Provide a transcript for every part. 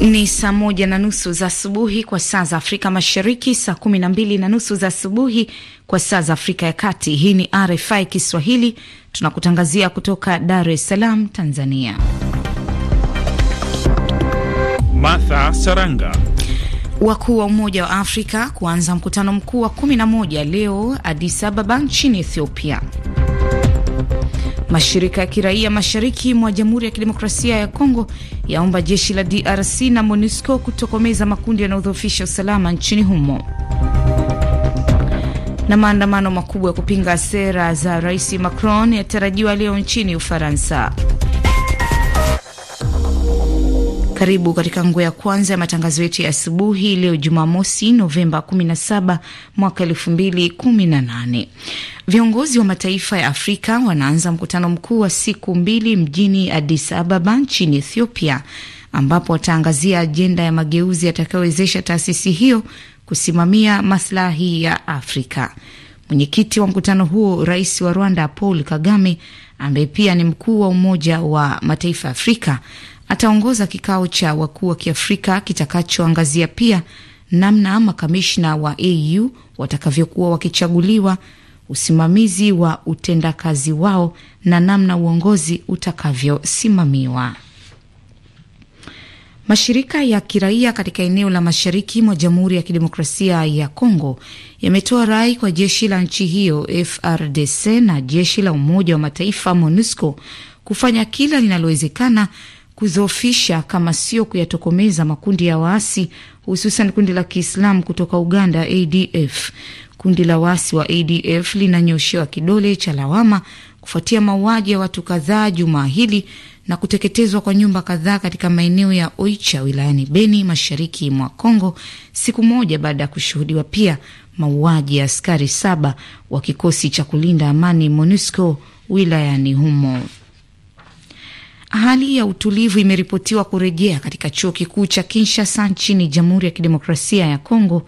Ni saa moja na nusu za asubuhi kwa saa za Afrika Mashariki, saa kumi na mbili na nusu za asubuhi kwa saa za Afrika ya Kati. Hii ni RFI Kiswahili, tunakutangazia kutoka Dar es Salaam, Tanzania. Martha Saranga. Wakuu wa Umoja wa Afrika kuanza mkutano mkuu wa 11 leo Addis Ababa nchini Ethiopia. Mashirika ya kiraia mashariki mwa Jamhuri ya Kidemokrasia ya Kongo yaomba jeshi la DRC na MONUSCO kutokomeza makundi yanayodhoofisha usalama nchini humo. Na maandamano makubwa ya kupinga sera za Rais Macron yatarajiwa leo nchini Ufaransa. Karibu katika nguo ya kwanza ya matangazo yetu ya asubuhi leo Jumamosi, Novemba 17 mwaka 2018. Viongozi wa mataifa ya Afrika wanaanza mkutano mkuu wa siku mbili mjini Addis Ababa nchini Ethiopia, ambapo wataangazia ajenda ya mageuzi yatakayowezesha taasisi hiyo kusimamia maslahi ya Afrika. Mwenyekiti wa mkutano huo, rais wa Rwanda Paul Kagame, ambaye pia ni mkuu wa Umoja wa Mataifa ya Afrika, Ataongoza kikao cha wakuu wa Kiafrika kitakachoangazia pia namna makamishna wa AU watakavyokuwa wakichaguliwa, usimamizi wa utendakazi wao na namna uongozi utakavyosimamiwa. Mashirika ya kiraia katika eneo la mashariki mwa Jamhuri ya Kidemokrasia ya Kongo yametoa rai kwa jeshi la nchi hiyo FRDC na jeshi la Umoja wa Mataifa MONUSCO kufanya kila linalowezekana kudhoofisha kama sio kuyatokomeza makundi ya waasi hususan kundi la Kiislamu kutoka Uganda ADF. Kundi la waasi wa ADF linanyoshewa kidole cha lawama kufuatia mauaji ya watu kadhaa jumaa hili na kuteketezwa kwa nyumba kadhaa katika maeneo ya Oicha wilayani Beni mashariki mwa congo siku moja baada ya kushuhudiwa pia mauaji ya askari saba wa kikosi cha kulinda amani MONUSCO wilayani humo. Hali ya utulivu imeripotiwa kurejea katika chuo kikuu cha Kinshasa nchini Jamhuri ya Kidemokrasia ya Kongo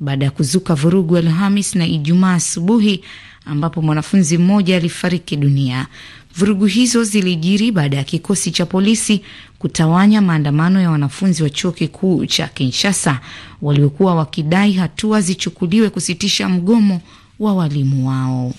baada ya kuzuka vurugu Alhamis na Ijumaa asubuhi ambapo mwanafunzi mmoja alifariki dunia. Vurugu hizo zilijiri baada ya kikosi cha polisi kutawanya maandamano ya wanafunzi wa chuo kikuu cha Kinshasa waliokuwa wakidai hatua zichukuliwe kusitisha mgomo wa walimu wao.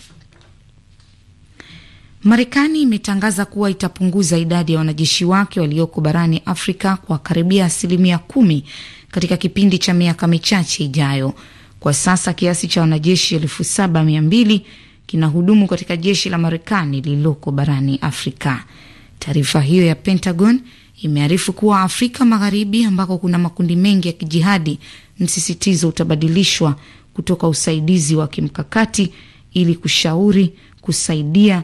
Marekani imetangaza kuwa itapunguza idadi ya wanajeshi wake walioko barani Afrika kwa karibia asilimia kumi katika kipindi cha miaka michache ijayo. Kwa sasa kiasi cha wanajeshi elfu saba mia mbili kinahudumu katika jeshi la Marekani lililoko barani Afrika. Taarifa hiyo ya Pentagon imearifu kuwa Afrika Magharibi, ambako kuna makundi mengi ya kijihadi, msisitizo utabadilishwa kutoka usaidizi wa kimkakati ili kushauri, kusaidia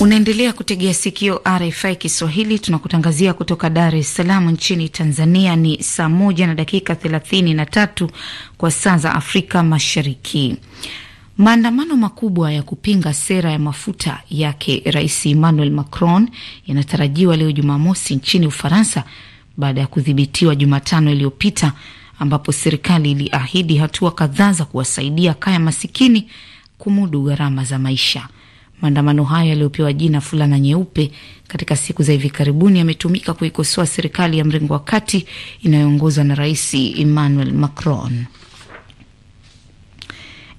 Unaendelea kutegea sikio RFI Kiswahili, tunakutangazia kutoka Dar es Salaam nchini Tanzania. Ni saa moja na dakika thelathini na tatu kwa saa za Afrika Mashariki. Maandamano makubwa ya kupinga sera ya mafuta yake Rais Emmanuel Macron yanatarajiwa leo Jumamosi nchini Ufaransa baada ya kudhibitiwa Jumatano iliyopita ambapo serikali iliahidi hatua kadhaa za kuwasaidia kaya masikini kumudu gharama za maisha. Maandamano hayo yaliyopewa jina fulana nyeupe katika siku za hivi karibuni yametumika kuikosoa serikali ya mrengo wa kati inayoongozwa na Rais Emmanuel Macron.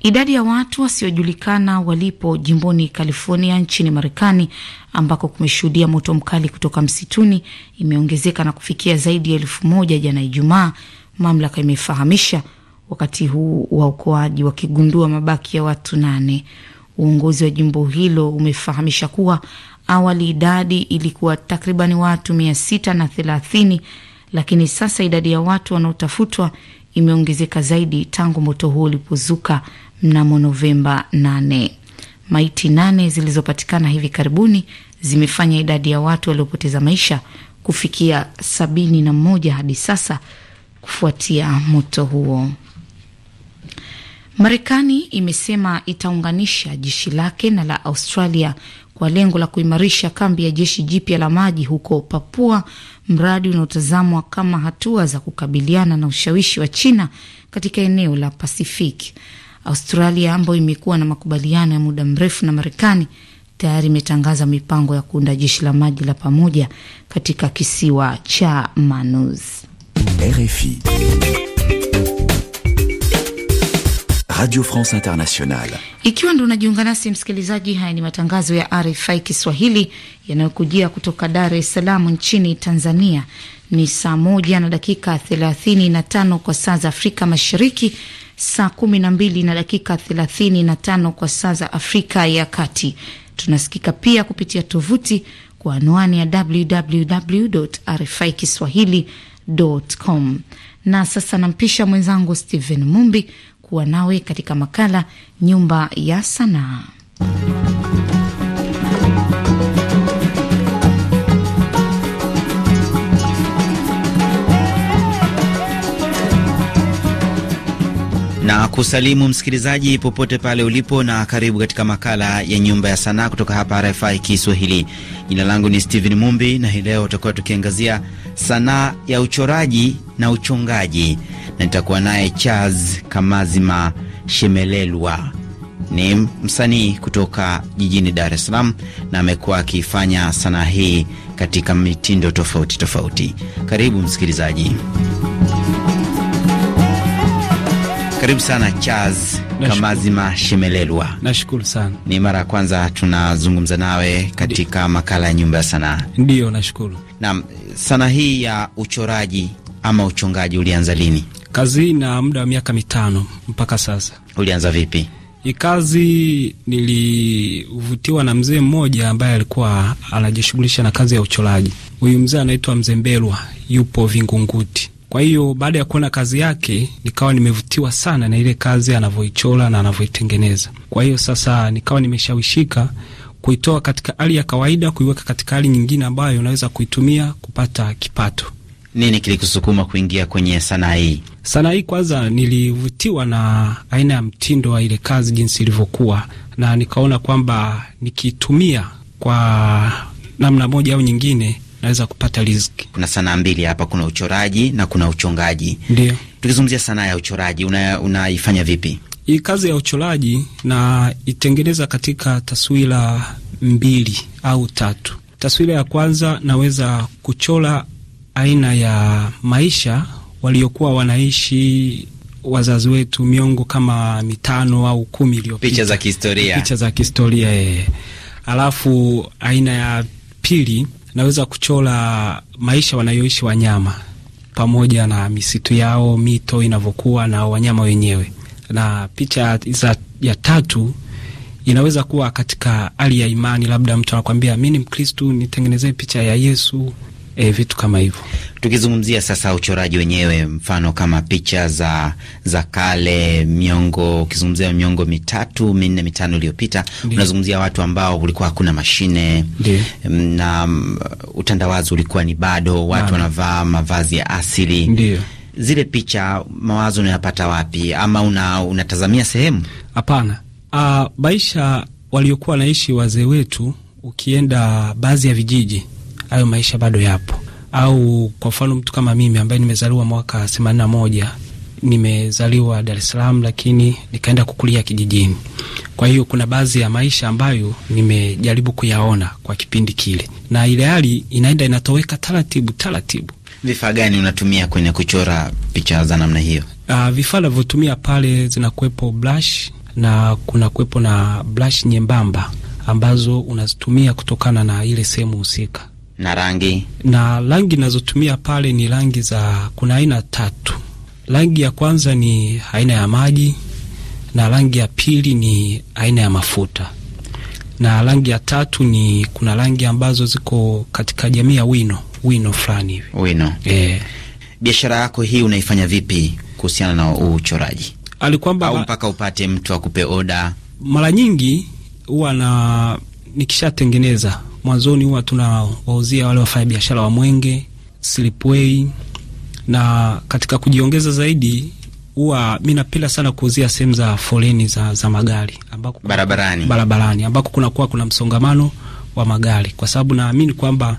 Idadi ya watu wasiojulikana walipo jimboni California nchini Marekani, ambako kumeshuhudia moto mkali kutoka msituni imeongezeka na kufikia zaidi ya elfu moja jana Ijumaa, mamlaka imefahamisha, wakati huu waokoaji wakigundua mabaki ya watu nane. Uongozi wa jimbo hilo umefahamisha kuwa awali idadi ilikuwa takribani watu mia sita na thelathini, lakini sasa idadi ya watu wanaotafutwa imeongezeka zaidi tangu moto huo ulipozuka mnamo Novemba nane Maiti nane zilizopatikana hivi karibuni zimefanya idadi ya watu waliopoteza maisha kufikia sabini na moja hadi sasa kufuatia moto huo. Marekani imesema itaunganisha jeshi lake na la Australia kwa lengo la kuimarisha kambi ya jeshi jipya la maji huko Papua, mradi unaotazamwa kama hatua za kukabiliana na ushawishi wa China katika eneo la Pacific. Australia ambayo imekuwa na makubaliano ya muda mrefu na Marekani tayari imetangaza mipango ya kuunda jeshi la maji la pamoja katika kisiwa cha Manus. RFI. Radio France Internationale. Ikiwa ndo unajiunga nasi msikilizaji, haya ni matangazo ya RFI Kiswahili yanayokujia kutoka Dar es Salaam nchini Tanzania. Ni saa moja na dakika thelathini na tano kwa saa za Afrika Mashariki, saa kumi na mbili na dakika thelathini na tano kwa saa za Afrika ya Kati. Tunasikika pia kupitia tovuti kwa anwani ya www RFI Kiswahili com, na sasa nampisha mwenzangu Stephen Mumbi kuwa nawe katika makala Nyumba ya Sanaa. kusalimu msikilizaji popote pale ulipo, na karibu katika makala ya Nyumba ya Sanaa kutoka hapa RFI Kiswahili. Jina langu ni Steven Mumbi na hii leo tutakuwa tukiangazia sanaa ya uchoraji na uchongaji, na nitakuwa naye Charles Kamazima Shemelelwa. Ni msanii kutoka jijini Dar es Salaam na amekuwa akifanya sanaa hii katika mitindo tofauti tofauti. Karibu msikilizaji. Karibu sana Charles Kamazima Shemelelwa. Nashukuru sana, ni mara ya kwanza tunazungumza nawe katika Ndi. makala ya nyumba ya sanaa. Ndiyo, nashukuru. Naam, sanaa hii ya uchoraji ama uchongaji ulianza lini? Kazi hii na muda wa miaka mitano mpaka sasa. Ulianza vipi kazi? Nilivutiwa na mzee mmoja ambaye alikuwa anajishughulisha na kazi ya uchoraji. Huyu mzee anaitwa Mzee Mbelwa, yupo Vingunguti. Kwa hiyo baada ya kuona kazi yake nikawa nimevutiwa sana na ile kazi anavyoichora na anavyoitengeneza. Kwa hiyo sasa nikawa nimeshawishika kuitoa katika hali ya kawaida kuiweka katika hali nyingine ambayo unaweza kuitumia kupata kipato. Nini kilikusukuma kuingia kwenye sanaa hii? Sanaa hii kwanza, nilivutiwa na aina ya mtindo wa ile kazi jinsi ilivyokuwa, na nikaona kwamba nikiitumia kwa namna moja au nyingine naweza kupata riziki. Kuna sanaa mbili hapa, kuna uchoraji na kuna uchongaji. Ndio tukizungumzia sanaa ya uchoraji, unaifanya una vipi hii kazi ya uchoraji? Na itengeneza katika taswira mbili au tatu. Taswira ya kwanza naweza kuchora aina ya maisha waliokuwa wanaishi wazazi wetu miongo kama mitano au kumi iliyopita, picha za kihistoria, picha za kihistoria. Eh. Alafu aina ya pili naweza kuchora maisha wanayoishi wanyama pamoja na misitu yao, mito inavyokuwa na wanyama wenyewe. Na picha ya tatu inaweza kuwa katika hali ya imani, labda mtu anakwambia mi ni Mkristu, nitengenezee picha ya Yesu e, vitu kama hivyo. Tukizungumzia sasa uchoraji wenyewe, mfano kama picha za za kale, miongo, ukizungumzia miongo mitatu minne mitano iliyopita, unazungumzia watu ambao kulikuwa hakuna mashine Deo. na um, utandawazi ulikuwa ni bado, watu wanavaa mavazi ya asili Ndiyo. Zile picha mawazo unayapata wapi, ama una, unatazamia sehemu? Hapana, ah, maisha waliokuwa wanaishi wazee wetu, ukienda baadhi ya vijiji hayo maisha bado yapo. Au kwa mfano mtu kama mimi ambaye nimezaliwa mwaka themanini na moja nimezaliwa Dar es Salaam lakini nikaenda kukulia kijijini. Kwa hiyo kuna baadhi ya maisha ambayo nimejaribu kuyaona kwa kipindi kile, na ile hali inaenda inatoweka taratibu taratibu. Vifaa gani unatumia kwenye kuchora picha za namna hiyo? Uh, vifaa navyotumia pale zinakuwepo brush na kuna kuwepo na brush nyembamba ambazo unazitumia kutokana na ile sehemu husika na rangi na rangi nazotumia pale ni rangi za, kuna aina tatu. Rangi ya kwanza ni aina ya maji, na rangi ya pili ni aina ya mafuta, na rangi ya tatu ni kuna rangi ambazo ziko katika jamii ya wino wino fulani hivi wino. E, biashara yako hii unaifanya vipi kuhusiana na uchoraji? Alikwamba au mpaka upate mtu akupe oda? Mara nyingi huwa na nikishatengeneza mwanzoni huwa tunawauzia wale wafanyabiashara wa Mwenge, Slipway na katika kujiongeza zaidi huwa mi napenda sana kuuzia sehemu za foleni za, za magari ambako barabarani, barabarani ambako kunakuwa kuna msongamano wa magari, kwa sababu naamini kwamba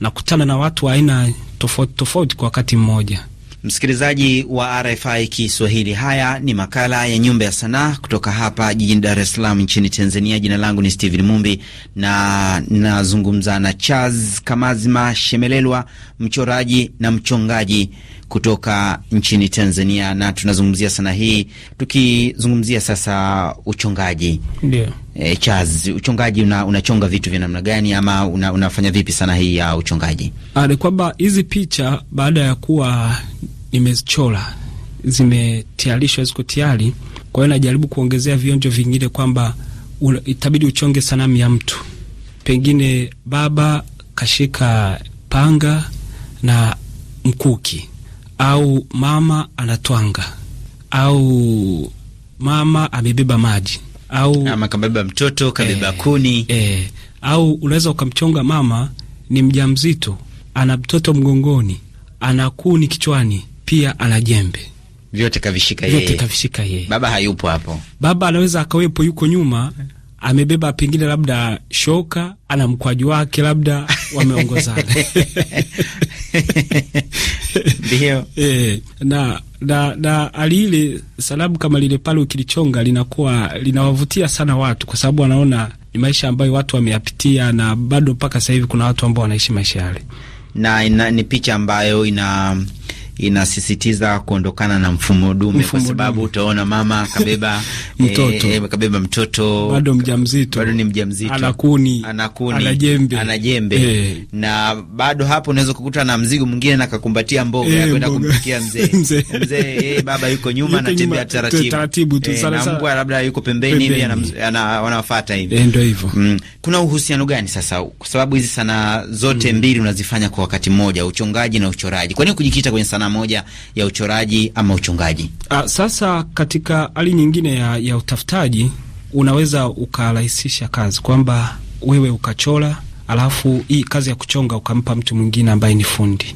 nakutana na watu wa aina tofauti tofauti kwa wakati mmoja. Msikilizaji wa RFI Kiswahili, haya ni makala ya Nyumba ya Sanaa kutoka hapa jijini Dar es Salaam nchini Tanzania. Jina langu ni Steven Mumbi na nazungumza na Charles Kamazima Shemelelwa, mchoraji na mchongaji kutoka nchini Tanzania, na tunazungumzia sanaa hii tukizungumzia sasa uchongaji. Ndio. E, Charles, uchongaji una, unachonga vitu vya namna gani ama una, unafanya vipi sanaa hii ya uchongaji? Ah, ni kwamba hizi picha baada ya kuwa nimezichora zimetayarishwa ziko tayari. Kwa hiyo najaribu kuongezea vionjo vingine kwamba itabidi uchonge sanamu ya mtu, pengine baba kashika panga na mkuki, au mama anatwanga, au mama amebeba maji, au ama kabeba mtoto kabeba e, eh, kuni e, au unaweza ukamchonga mama ni mjamzito, ana mtoto mgongoni, ana kuni kichwani pia ana jembe vyote kavishika yeye. Vyote kavishika yeye. Baba hayupo hapo. Baba anaweza akawepo, yuko nyuma, amebeba pengine labda shoka, ana mkwaju wake, labda wameongozana ndio e, na na na alile salamu kama lile pale ukilichonga linakuwa linawavutia sana watu, kwa sababu wanaona ni maisha ambayo watu wameyapitia, na bado mpaka sasa hivi kuna watu ambao wanaishi maisha yale, na ina, ni picha ambayo ina inasisitiza kuondokana na mfumo dume, kwa sababu utaona mama kabeba mtoto, e, kabeba mtoto bado mjamzito, bado ni mjamzito, anakuni anakuni, anajembe anajembe, e. Eh. na bado hapo unaweza kukuta na mzigo mwingine na kakumbatia mboga e, kwenda kumpikia mzee mzee, e, baba yuko nyuma anatembea taratibu taratibu tu, e, sana sana mbwa labda yuko pembeni hivi anawafuata hivi, e, ndio hivyo. mm. Kuna uhusiano gani sasa, kwa sababu hizi sanaa zote mm. mbili unazifanya kwa wakati mmoja, uchongaji na uchoraji? Kwa nini kujikita kwenye sanaa sanaa moja ya uchoraji ama uchungaji. A, ah, sasa katika hali nyingine ya, ya utafutaji unaweza ukarahisisha kazi kwamba wewe ukachora alafu hii kazi ya kuchonga ukampa mtu mwingine ambaye ni fundi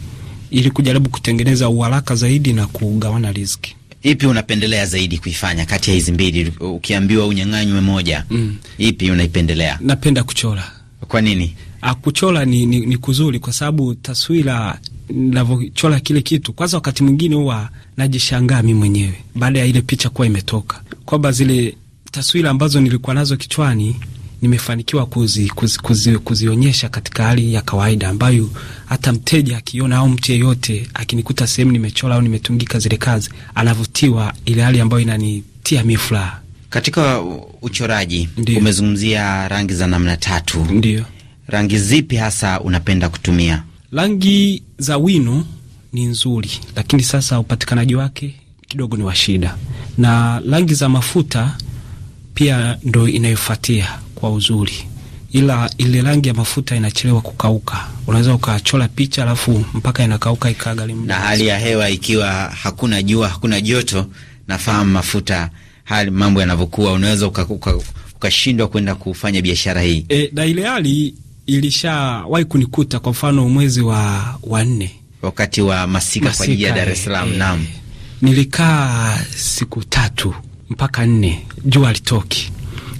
ili kujaribu kutengeneza uharaka zaidi na kugawana riziki. Ipi unapendelea zaidi kuifanya kati ya hizi mbili, ukiambiwa unyang'anywe moja, mm. ipi unaipendelea? Napenda kuchora. Kwa nini? Ah, kuchora ni, ni, ni kuzuri kwa sababu taswira nilivyochora kile kitu, kwanza wakati mwingine huwa najishangaa mi mwenyewe baada ya ile picha kuwa imetoka, kwamba zile taswira ambazo nilikuwa nazo kichwani nimefanikiwa kuzi, kuzi, kuzi, kuzionyesha katika hali ya kawaida ambayo hata mteja akiona au mtu yeyote akinikuta sehemu nimechora au nimetungika zile kazi anavutiwa, ile hali ambayo inanitia mi furaha. Katika uchoraji Ndiyo. umezungumzia rangi za namna tatu. ndio, rangi zipi hasa unapenda kutumia? Rangi za wino ni nzuri, lakini sasa upatikanaji wake kidogo ni wa shida, na rangi za mafuta pia ndo inayofuatia kwa uzuri, ila ile rangi ya mafuta inachelewa kukauka. Unaweza ukachora picha alafu mpaka inakauka ikagharimu. Na hali ya hewa ikiwa hakuna jua, hakuna joto, nafahamu mafuta, hali mambo yanavyokuwa, unaweza ukashindwa uka, uka kwenda kufanya biashara hii e, na ile hali ilishawahi kunikuta, kwa mfano mwezi wa, wanne wakati wa masika, masika kwa ajili ya Dar es Salaam. Eh, naam, nilikaa siku tatu mpaka nne, jua litoki.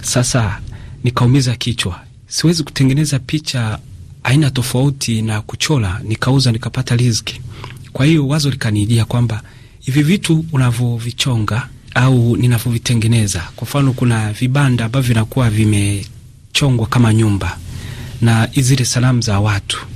Sasa nikaumiza kichwa, siwezi kutengeneza picha aina tofauti na kuchora, nikauza nikapata riziki. Kwa hiyo wazo likanijia kwamba hivi vitu unavyovichonga au ninavyovitengeneza, kwa mfano kuna vibanda ambavyo vinakuwa vimechongwa kama nyumba na zile salamu za watu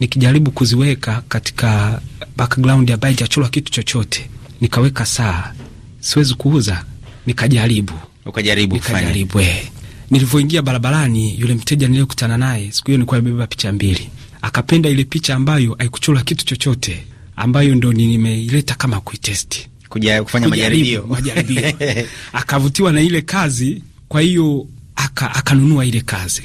nikijaribu kuziweka katika background ambayo haijachorwa kitu chochote, nikaweka saa, siwezi kuuza, nikajaribu ukajaribu nikajaribu eh. Nilivyoingia barabarani, yule mteja niliyekutana naye siku hiyo nilikuwa nimebeba picha mbili, akapenda ile picha ambayo haikuchorwa kitu chochote, ambayo ndo nimeileta kama kuitesti, kuja kufanya majaribio majaribio, akavutiwa na ile kazi, kwa hiyo akanunua aka ile kazi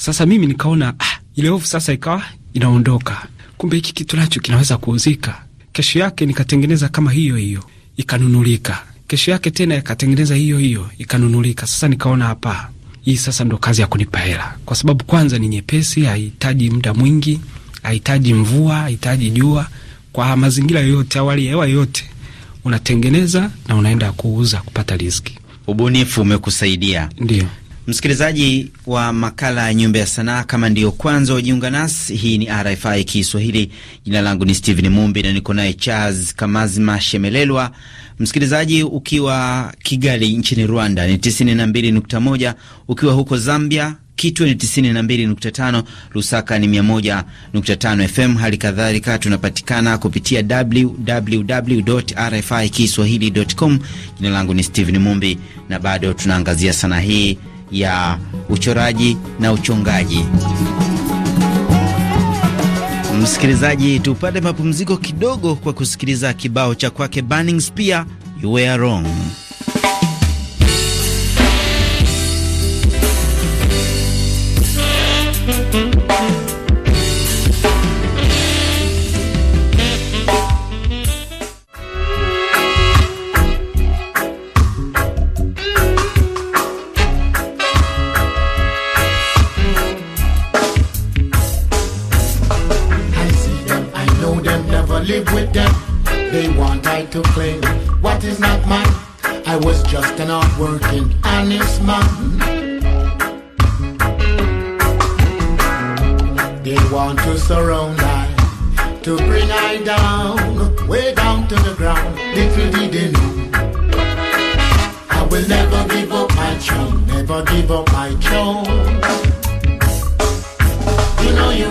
sasa mimi nikaona ah, ile hofu sasa ikawa inaondoka, kumbe hiki kitu nacho kinaweza kuuzika. Kesho yake nikatengeneza kama hiyo hiyo ikanunulika, kesho yake tena ikatengeneza hiyo hiyo ikanunulika. Sasa nikaona hapa, hii sasa ndo kazi ya kunipa hela, kwa sababu kwanza ni nyepesi, haihitaji muda mwingi, haihitaji mvua, haihitaji jua, kwa mazingira yoyote au hali ya hewa yoyote unatengeneza na unaenda kuuza kupata riziki. Ubunifu umekusaidia ndio. Msikilizaji wa makala ya Nyumba ya Sanaa, kama ndiyo kwanza wajiunga nasi, hii ni RFI Kiswahili. Jina langu ni Steven Mumbi na niko naye Charles Kamazima Shemelelwa. Msikilizaji ukiwa Kigali nchini Rwanda ni 92.1, ukiwa huko Zambia Kitwe ni 92.5, Lusaka ni 101.5 FM. Hali kadhalika tunapatikana kupitia www RFI Kiswahili.com. Jina langu ni Steven Mumbi na bado tunaangazia sanaa hii ya uchoraji na uchongaji. Msikilizaji, tupate mapumziko kidogo kwa kusikiliza kibao cha kwake Burning Spear, You Were Wrong. not working honest man. They want to surround I, to bring I down, way down to the ground. Little did they know. I will never give up my chum, never give up my chum. You know you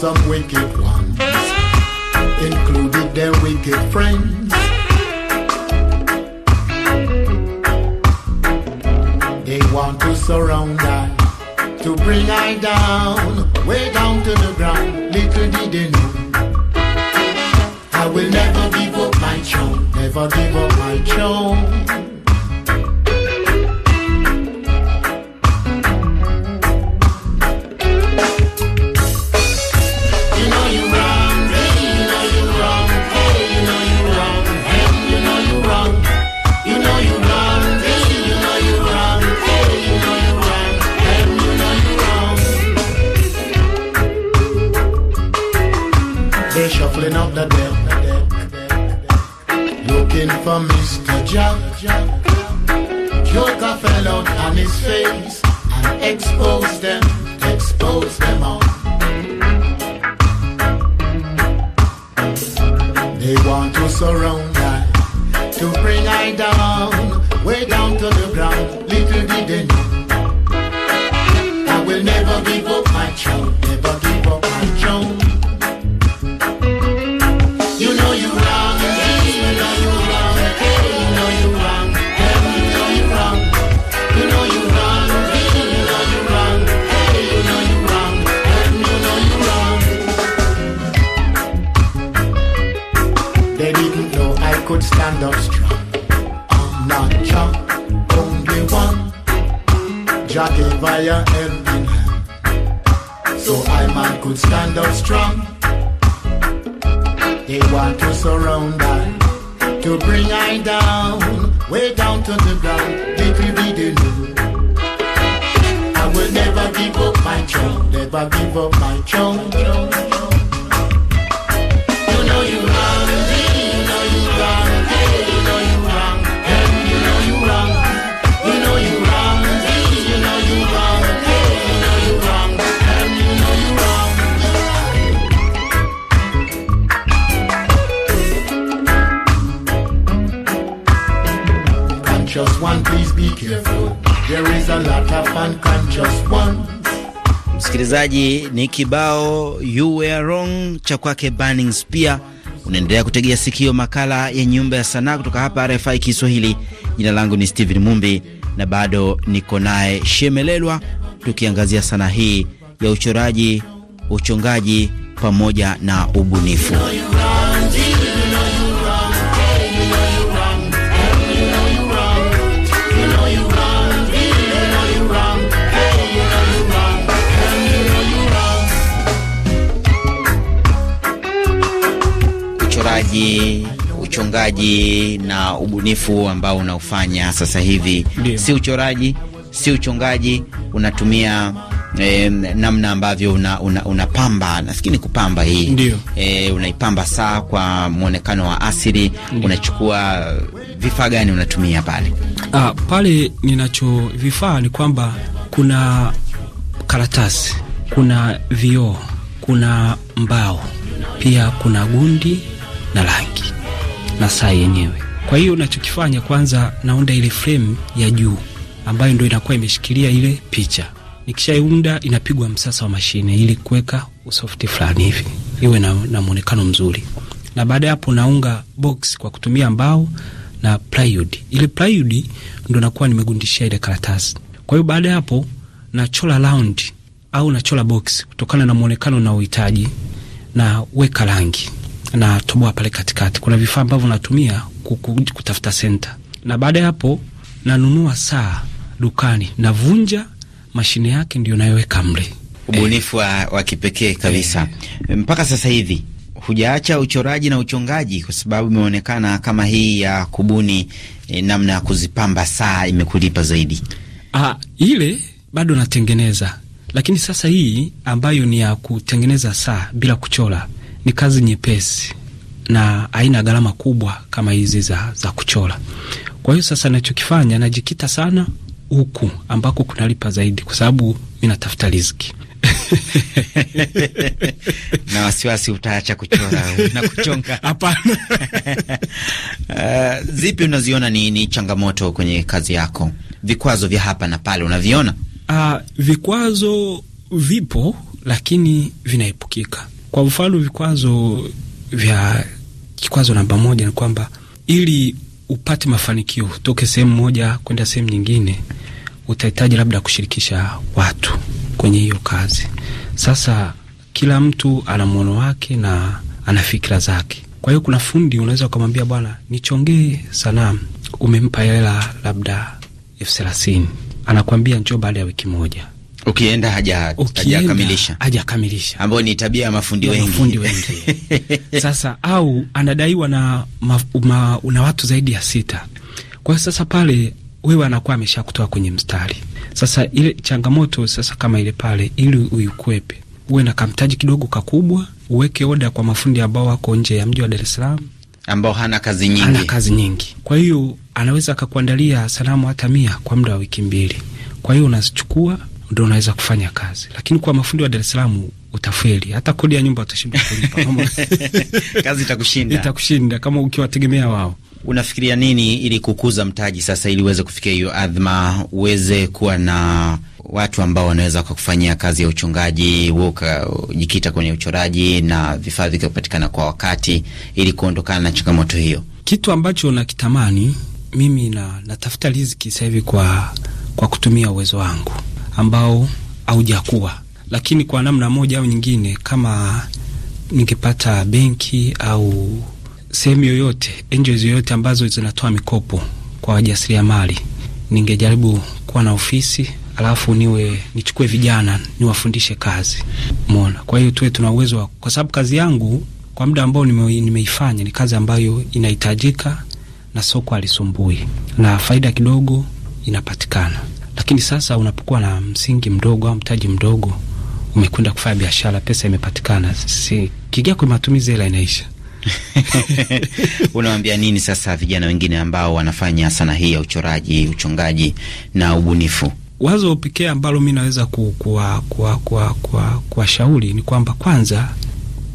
some wicked ones, included their wicked friends. They want to surround I, to bring I down, way down to the ground. Little did they know, I will never give up my throne, never give Yoga fell out on his face and exposed them, exposed them all. They want to surround I, to bring I down, way down to the ground. Little did they know, I will never give up my child. via helping hand. So I man could stand up strong. They want to surround I, to bring I down, way down to the ground. It will be the new. I will never give up my throne, never give up my throne. Msikilizaji, ni kibao you were wrong cha kwake Burning Spear. Unaendelea kutegea sikio makala ya nyumba ya sanaa kutoka hapa RFI Kiswahili. Jina langu ni Steven Mumbi na bado niko naye Shemelelwa, tukiangazia sanaa hii ya uchoraji, uchongaji pamoja na ubunifu. uimbaji uchongaji na ubunifu ambao unaofanya sasa hivi Dio. Si uchoraji si uchongaji, unatumia eh, namna ambavyo unapamba una, una nafikiri kupamba hii eh, unaipamba saa kwa mwonekano wa asili. Unachukua vifaa gani unatumia pale? Ah, pale ninacho vifaa ni kwamba kuna karatasi, kuna vioo, kuna mbao, pia kuna gundi na rangi na saa yenyewe. Kwa hiyo nachokifanya kwanza, naunda ile frame ya juu ambayo ndo inakuwa imeshikilia ile picha. Nikishaiunda inapigwa msasa wa mashine ili kuweka usofti fulani hivi iwe na, na mwonekano mzuri, na baada ya hapo naunga box kwa kutumia mbao na plywood. Ile plywood ndo nakuwa nimegundishia ile karatasi. Kwa hiyo baada ya hapo nachola round au nachola box kutokana na mwonekano na uhitaji na weka rangi natoboa pale katikati. Kuna vifaa ambavyo natumia kutafuta senta, na baada ya hapo nanunua saa dukani, navunja mashine yake, ndio nayoweka mle. Ubunifu wa, wa kipekee kabisa e. Mpaka sasa hivi hujaacha uchoraji na uchongaji, kwa sababu imeonekana kama hii ya kubuni e, namna ya kuzipamba saa imekulipa zaidi. Ha, ah, ile bado natengeneza, lakini sasa hii ambayo ni ya kutengeneza saa bila kuchora ni kazi nyepesi na haina gharama kubwa kama hizi za, za kuchora. Kwa hiyo sasa nachokifanya najikita sana huku ambako kunalipa zaidi, kwa sababu mi natafuta riziki na wasiwasi utaacha kuchora na kuchonga hapana. Uh, zipi unaziona ni, ni changamoto kwenye kazi yako, vikwazo vya hapa na pale unaviona? Uh, vikwazo vipo lakini vinaepukika kwa mfano, vikwazo vya kikwazo namba moja ni kwamba ili upate mafanikio toke sehemu moja kwenda sehemu nyingine, utahitaji labda kushirikisha watu kwenye hiyo kazi. Sasa kila mtu ana mwono wake na ana fikira zake. Kwa hiyo kuna fundi unaweza ukamwambia, bwana, nichongee sanamu, umempa hela labda elfu thelathini, anakwambia njoo baada ya wiki moja ukienda haja hajakamilisha hajakamilisha, ambao ni tabia ya mafundi wengi, mafundi wengi. Sasa au anadaiwa na ma, ma, una watu zaidi ya sita. Kwa sasa pale wewe anakuwa amesha kutoa kwenye mstari. Sasa ile changamoto sasa kama ile pale, ili uikwepe uwe na kamtaji kidogo kakubwa, uweke oda kwa mafundi ambao wako nje ya mji wa Dar es Salaam ambao hana kazi nyingi, hana kazi nyingi. Kwa hiyo anaweza akakuandalia salamu hata mia kwa muda wa wiki mbili. Kwa hiyo unazichukua ndo unaweza kufanya kazi, lakini kwa mafundi wa Dar es Salaam utafeli. Hata kodi ya nyumba utashindwa kulipa kazi itakushinda, itakushinda kama ukiwategemea wao. Unafikiria nini ili kukuza mtaji sasa, ili uweze kufikia hiyo adhma, uweze kuwa na watu ambao wanaweza kufanyia kazi ya uchungaji, wewe ukajikita kwenye uchoraji na vifaa vikapatikana kwa wakati, ili kuondokana na changamoto hiyo? Kitu ambacho nakitamani mimi na natafuta riziki sasa hivi kwa, kwa kutumia uwezo wangu ambao haujakuwa, lakini kwa namna moja au nyingine, kama ningepata benki au sehemu yoyote, NGOs yoyote ambazo zinatoa mikopo kwa wajasiriamali, ningejaribu kuwa na ofisi alafu niwe nichukue vijana niwafundishe kazi, umeona. Kwa hiyo tuwe tuna uwezo, kwa sababu kazi yangu kwa muda ambao nime, nimeifanya ni kazi ambayo inahitajika na soko alisumbui na faida kidogo inapatikana. Lakini sasa unapokuwa na msingi mdogo au mtaji mdogo, umekwenda kufanya biashara, pesa imepatikana, si kigia kwa matumizi, hela inaisha. unawambia nini sasa vijana wengine ambao wanafanya sana hii ya uchoraji, uchongaji na ubunifu? Wazo pekee ambalo mi naweza kuwashauri ni kwamba kwanza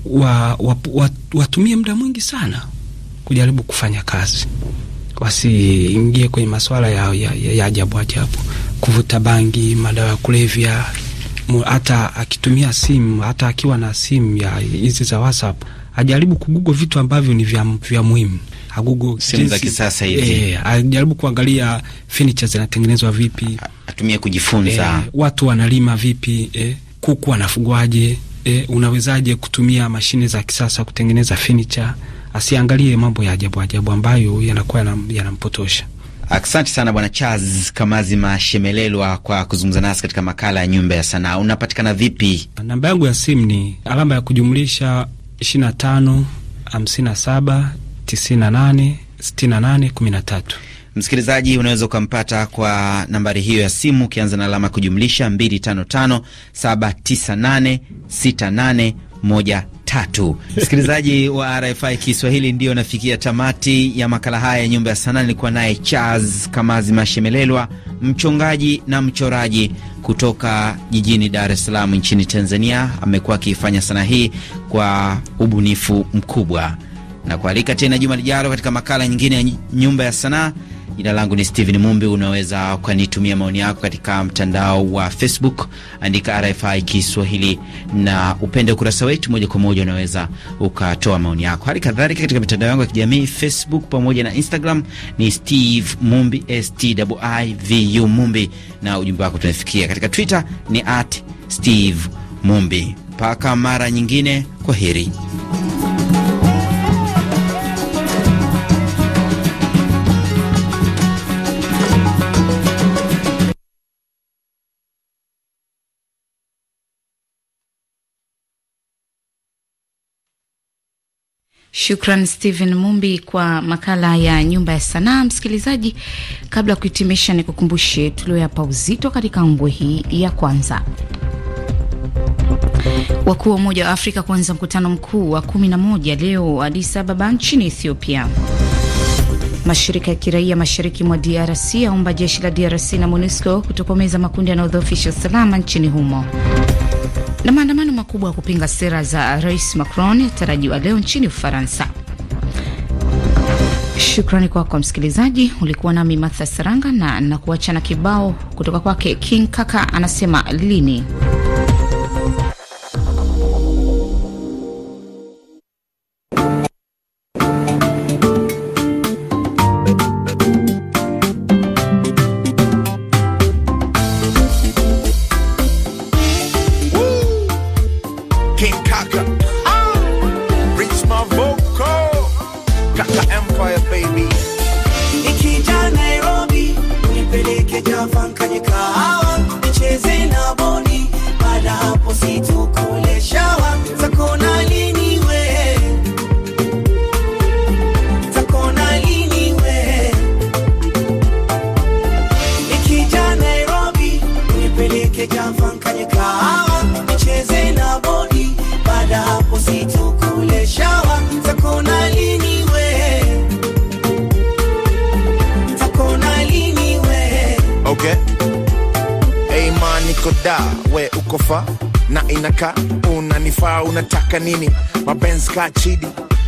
wa, wa, wa, watumie muda mwingi sana kujaribu kufanya kazi, wasiingie kwenye masuala ya ajabu ya, ajabu ajabu kuvuta bangi, madawa ya kulevya, hata akitumia simu, hata akiwa na simu ya hizi za WhatsApp ajaribu kugugo vitu ambavyo ni vya, vya muhimu agugo simu za kisasa hizi eh, ajaribu kuangalia furniture zinatengenezwa vipi, atumie kujifunza e, watu wanalima vipi e, kuku wanafugwaje e, unawezaje kutumia mashine za kisasa kutengeneza furniture. Asiangalie mambo ya ajabu ajabu ambayo yanakuwa yanampotosha. Asante sana Bwana Charles Kamazi Mashemelelwa kwa kuzungumza nasi katika makala ya Nyumba ya Sanaa. Unapatikana vipi? Namba yangu ya simu ni alama ya kujumlisha 25 57 Msikilizaji, unaweza ukampata kwa nambari hiyo ya simu ukianza na alama kujumlisha 255 798 68 1 tatu. Msikilizaji wa RFI Kiswahili, ndiyo nafikia tamati ya makala haya ya Nyumba ya Sanaa. Nilikuwa naye Charles Kamazi Mashemelelwa, mchongaji na mchoraji kutoka jijini Dar es Salaam nchini Tanzania. Amekuwa akiifanya sanaa hii kwa ubunifu mkubwa, na kualika tena juma lijalo katika makala nyingine ya Nyumba ya Sanaa. Jina langu ni Steven Mumbi. Unaweza ukanitumia maoni yako katika mtandao wa Facebook, andika RFI Kiswahili na upende ukurasa wetu moja kwa moja, unaweza ukatoa maoni yako. Hali kadhalika katika mitandao yangu ya kijamii Facebook pamoja na Instagram ni Steve Mumbi, Stivu Mumbi, na ujumbe wako tunafikia. Katika Twitter ni at Steve Mumbi. Mpaka mara nyingine, kwa heri. Shukran Stephen Mumbi kwa makala ya nyumba ya sanaa. Msikilizaji, kabla ya kuhitimisha, ni kukumbushe tulioyapa uzito katika ngwe hii ya kwanza. Wakuu wa Umoja wa Afrika kuanza mkutano mkuu wa 11 leo Addis Ababa nchini Ethiopia. Mashirika ya kiraia mashariki mwa DRC aumba jeshi la DRC na MONUSCO kutokomeza makundi yanayodhoofisha usalama nchini humo. Na maandamano makubwa ya kupinga sera za Rais Macron yatarajiwa leo nchini Ufaransa. Shukrani kwako kwa msikilizaji, ulikuwa nami matha Saranga na nakuacha na kibao kutoka kwake King Kaka anasema lini. kofa na inakaa, unanifaa, unataka nini? Mabenz ka chidi,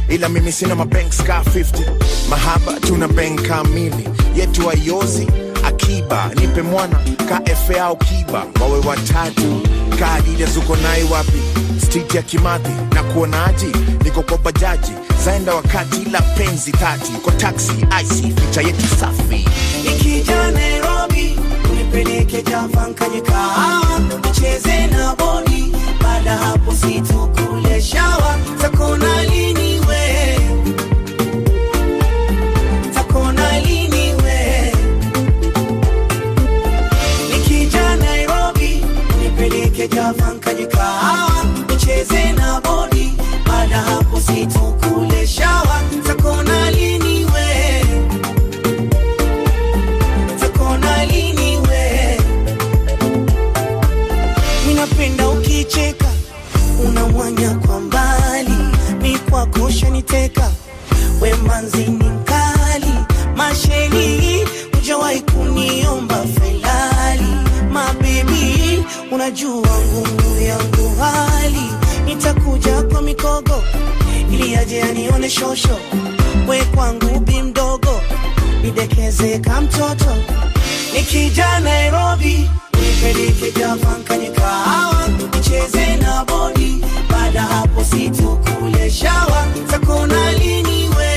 ila mimi sina mabenz ka 50 mahaba, tuna bank kamili yetu ayozi akiba, nipe mwana ka efe au kiba, wawe watatu kadi zuko nai wapi street ya Kimathi na kuonaji, niko kwa bajaji zaenda wakati la penzi tati kwa taxi ic, picha yetu safi ikija Nairobi nipeleke Javankanye kahawa nicheze na boni, baada hapo situkule shawa takona lini we zako lini we nikija Nairobi nipeleke Javankanye kahawa nicheze na bodi, baada hapo situkule kaniomba Ferrari, mabibi, unajua nguvu yangu hali, nitakuja kwa mikogo ili aje anione shosho, we kwangu bi mdogo, nidekeze kama mtoto, nikija Nairobi nikawa nicheze na bodi, baada hapo situkule shawa takonaliniwe